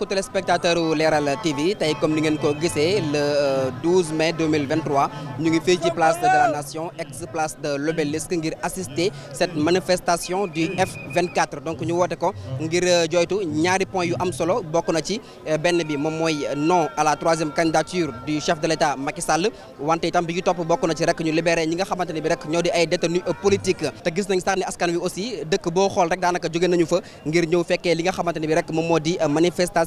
ku téléspectateur u Leral TV tey comme ni ngeen ko gisee le 12 euh, mai 2023 ñu ngi fii ci place de la nation ex place de l'obélisque ngir assister cette manifestation du F24 donc ñu woote ko ngir euh, joytu ñaari point yu am solo bokk na ci euh, benn bi moom mooy non à la troisième candidature du chef de l'État Macky Sall wante itam bi ñu topp bokk na ci rek ñu libéré ñi nga xamante ne bi rek ñoo di ay détenus politiques te gis nañ sax ni askan wi aussi dëkk boo xool rek daanaka jóge nañu fa ngir ñëw fekkee li nga xamante ne bi moom moo di manifestation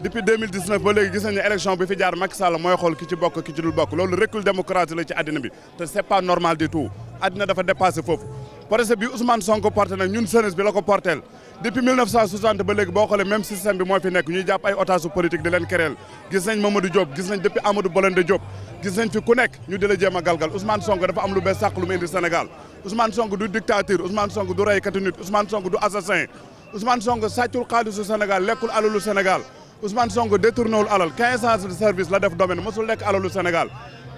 depuis 2019 ba léegi gis nañu élection bi fi jaar Macky Sall mooy xool ki ci bokk ki ci dul bokk loolu recul démocratie la ci àddina bi te c'est pas normal du tout àddina dafa dépassé foofu projet bi Ousmane Sonko porté ñun jeunesse bi la porteel depuis 1960 ba léegi boo xoolee même fi nekk ñuy jàpp ay otage politique di leen kereel gis nañ Mamadou Diop depuis Amadou Bolende Diop gis fi ku ñu di la a galgal Ousmane Sonko dafa am lu bees sàq lu mu indi Sénégal Ousmane sonk détourné wul alal 15 ans de service la def domaine mosul lekk alalu Sénégal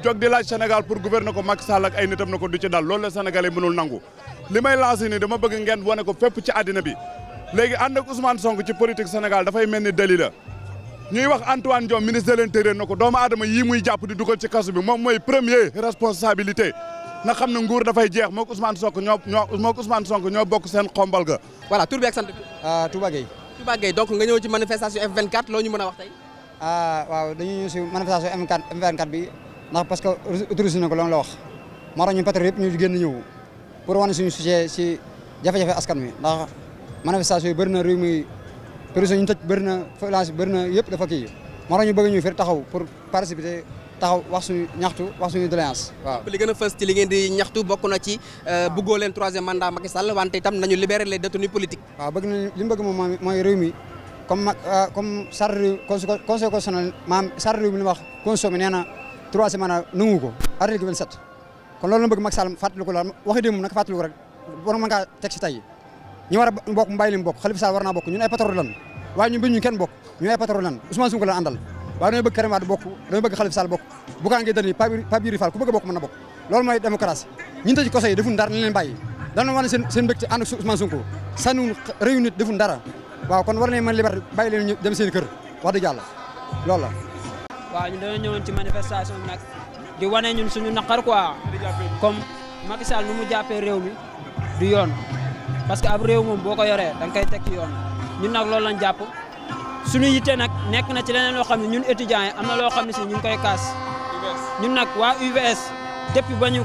jóg di laaj Sénégal pour gouverner ko Macky Sall ak ay nitam na ko du ci dal loolu la Sénégalais mënul nangu li may lancé nii dama bëgg ngeen wane ko fépp ci àddina bi léegi ànd ak Ousmane sonk ci politique Sénégal dafay mel ni deli ñuy wax Antoine Diome ministre de l'intérieur na ko doomu aadama yii muy jàpp di dugal ci kaso bi moom mooy premier responsabilité na xam ne nguur dafay jeex moog Ousmane Sonko ñoo ñoo moog Ousmane Sonko ñoo bokk seen xombal ga. voilà tur bi ak sant bi. Ah, Touba Gueye donc nga ñëw ci manifestation F24 loo ñu mën a wax tey. ah waaw dañuy ñëw si manifestation F24 f bi ndax parce que autorisé na ko la wax moo tax ñun yëpp ñu génn ñëw pour wane suñu sujet si jafe-jafe askan wi ndax manifestation yi bëri na réew mi prison ñu tëj bëri na violence bëri na yëpp dafa ki moo tax ñu bëgg ñu fi taxaw pour participer. taxaw wax suñu ñaxtu wax suñu waaw. li gën a li ngeen di ñaxtu bokk na ci euh, bëggoo leen troisième mandat Macky Sall wante itam nañu libérer les détenus politiques. waaw bëgg nañu li mu mooy réew mi comme euh, comme sar réew conseil constitutionnel maam sar réew wax consommé nee na troisième mandat nangu ko article 27. kon loolu la bëgg Macky Sall fàttali ko lool waxi démb nag fàttali ko rek war mën kaa teg si tey ñi war a bokk war naa bokk ñun ay patron lan waaye ñun bu kenn bokk ñun ay lan Ousmane waaye damay bëgg Karim Wade bokk damay bëgg Khalifa Sall bokk Bougane Gueye Dany Pape Djibril ku bëgg a bokk mën na bokk loolu mooy démocratie ñun tëj koso yi dara nañ leen bàyyi dañu wane seen seen mbégte ànd ak Ousmane Sonko réunit defuñ dara waaw kon war nañ ma liberté bay leen ñu dem seen kër wax dëgg yàlla loolu la waaw ñun dañoo ñëwoon ci manifestation bi nag di wane ñun suñu naqar quoi comme Macky Sall nu mu jàppee réew mi du yoon parce que ab réew moom boo ko yoree da koy teg ci yoon ñun nag loolu lañ jàpp suñu yitte nag nekk na ci leneen loo xam ne ñun étudiants yi am na loo xam ne si ñu ngi koy kaas ñun nag waa UVS depuis ba ñu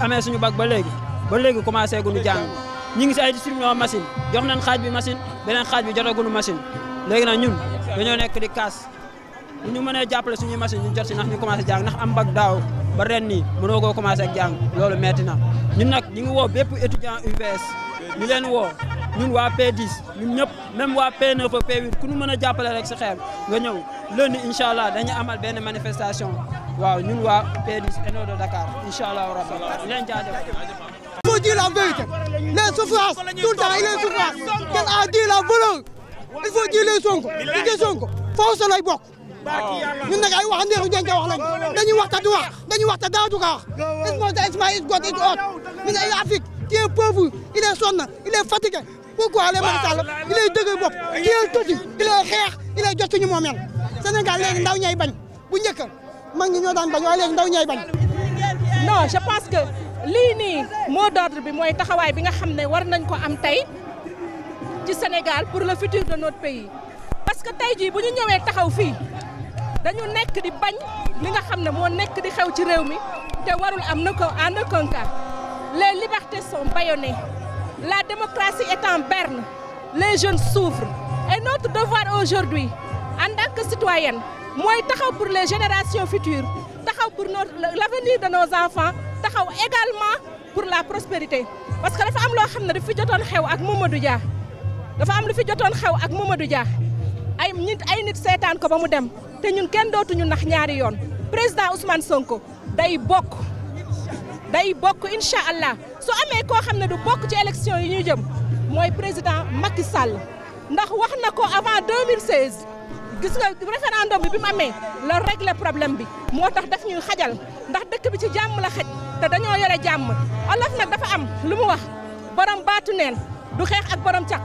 amee suñu bac ba léegi ba léegi commencé guñu jàng ñi ngi si ay distribution machine jox nañ xaaj bi machine beneen xaaj bi jotaguñu machine léegi nag ñun dañoo nekk di kaas bu ñu mënee jàppale suñu machine ñu jot si ndax ñu commencé jàng ndax am bag daaw ba ren nii mënoo koo commencé ak jàng loolu metti na ñun nag ñu ngi woo bépp étudiant UVS ñu leen woo ñun waa P10 ñun ñëpp même waa P9 ak P8 ku ñu mën a jàppale rek si xeer nga ñëw lundi incha allah dañu amal benn manifestation waaau ñun waa P10 ENO de Dakar incha allah rabbi leen jaajëf faut dire la vérité les souffrances tout le temps il est souffrance kenn a dit la voleur il faut dire les Sonko li ci Sonko force lay bokk ñun nag ay wax neexu ñan wax lañ dañuy wax ta du wax dañuy wax ta daadu ka wax is monta is my is god is oot min ay Afrique qui est pauvre il est sonn il est fatigué pourquoi le Macky Sall il est dëgër bopp il est tuuti xeex il est jot suñu moomeel Sénégal léegi ndaw ñay bañ bu njëkk mag ñi ñoo daan bañ waaye léegi ndaw ñay bañ. non je pense lii nii mot d'ordre bi mooy taxawaay bi nga xam ne war nañ ko am tey ci Sénégal pour le futur de notre pays. parce que tey jii bu ñu ñëwee taxaw fii dañu nekk di bañ li nga xam ne moo nekk di xew ci réew mi te warul am na ko en aucun cas les libertés sont bâillonnées. La démocratie est en berne. Les jeunes souffrent. Et notre devoir aujourd'hui, en tant que citoyenne, mooy taxaw pour les générations futures taxaw pour nos l'avenir de nos enfants taxaw également pour la prospérité parce que dafa am loo xam ne dafa fi jotoon xew ak Mamadou Dia dafa am lu fi jotoon xew ak Mamadou Dia ay nit ay nit seetaan ko ba mu dem te ñun kenn dootuñu nax ñaari yoon président Ousmane Sonko day bokk day bokk incha allah su amee koo xam ne du bokk ci élection yi ñu jëm mooy président Macky Sall ndax wax na ko avant 2016 gis nga référendum bi bi mu amee la régler problème bi moo tax daf ñuy xajal ndax dëkk bi ci jàmm la xaj te dañoo yore jàmm olof nag dafa am lu mu wax borom baatu neen du xeex ak borom caq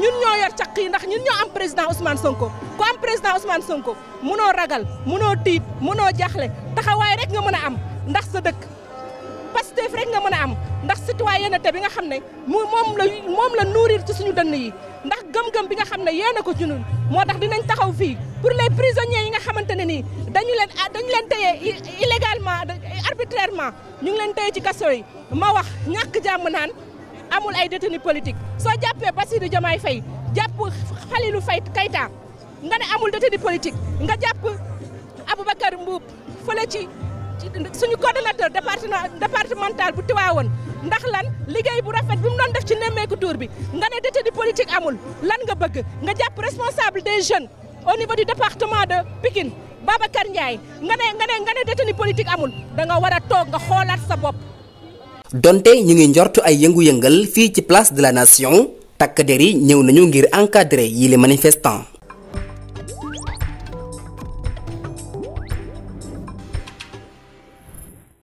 ñun ñoo yor caq ndax ñun ñoo am président Ousmane Sonko ku am président Ousmane Sonko munoo ragal munoo tiit munoo jaaxle taxawaay rek mën a am ndax sa dëkk. waa citoyenneté bi nga xam ne mu moom la moom ci suñu dënn yi ndax gëm-gëm bi nga xam ne yéen a ko junul moo tax dinañ taxaw fii pour les prisonniers yi nga xamante ne nii dañu leen ah, dañu leen téye illégalement arbitrairement ñu ngi leen téye ci kaso yi ma wax ñàkk jàmm naan amul ay détenu politique soo jàppee Bassirou Diomaye Faye jàpp Khalilou Faye Keïta nga ne amul détenu politique nga jàpp Aboubacar Mboup fële ci suñu coordonnateur départemental bu Tivaouane ndax lan liggéey bu rafet bi mu doon def ci nemmeeku tour bi nga ne détenu politique amul lan nga bëgg nga jàpp responsable des jeunes au niveau du département de Pikine Babacar Ndiaye nga ne nga ne nga ne amul da war a toog nga xoolaat sa bopp. donte ñu ngi njort ay yëngu-yëngal fii ci place de la nation takk der yi ñëw nañu ngir encadrer yi les manifestants.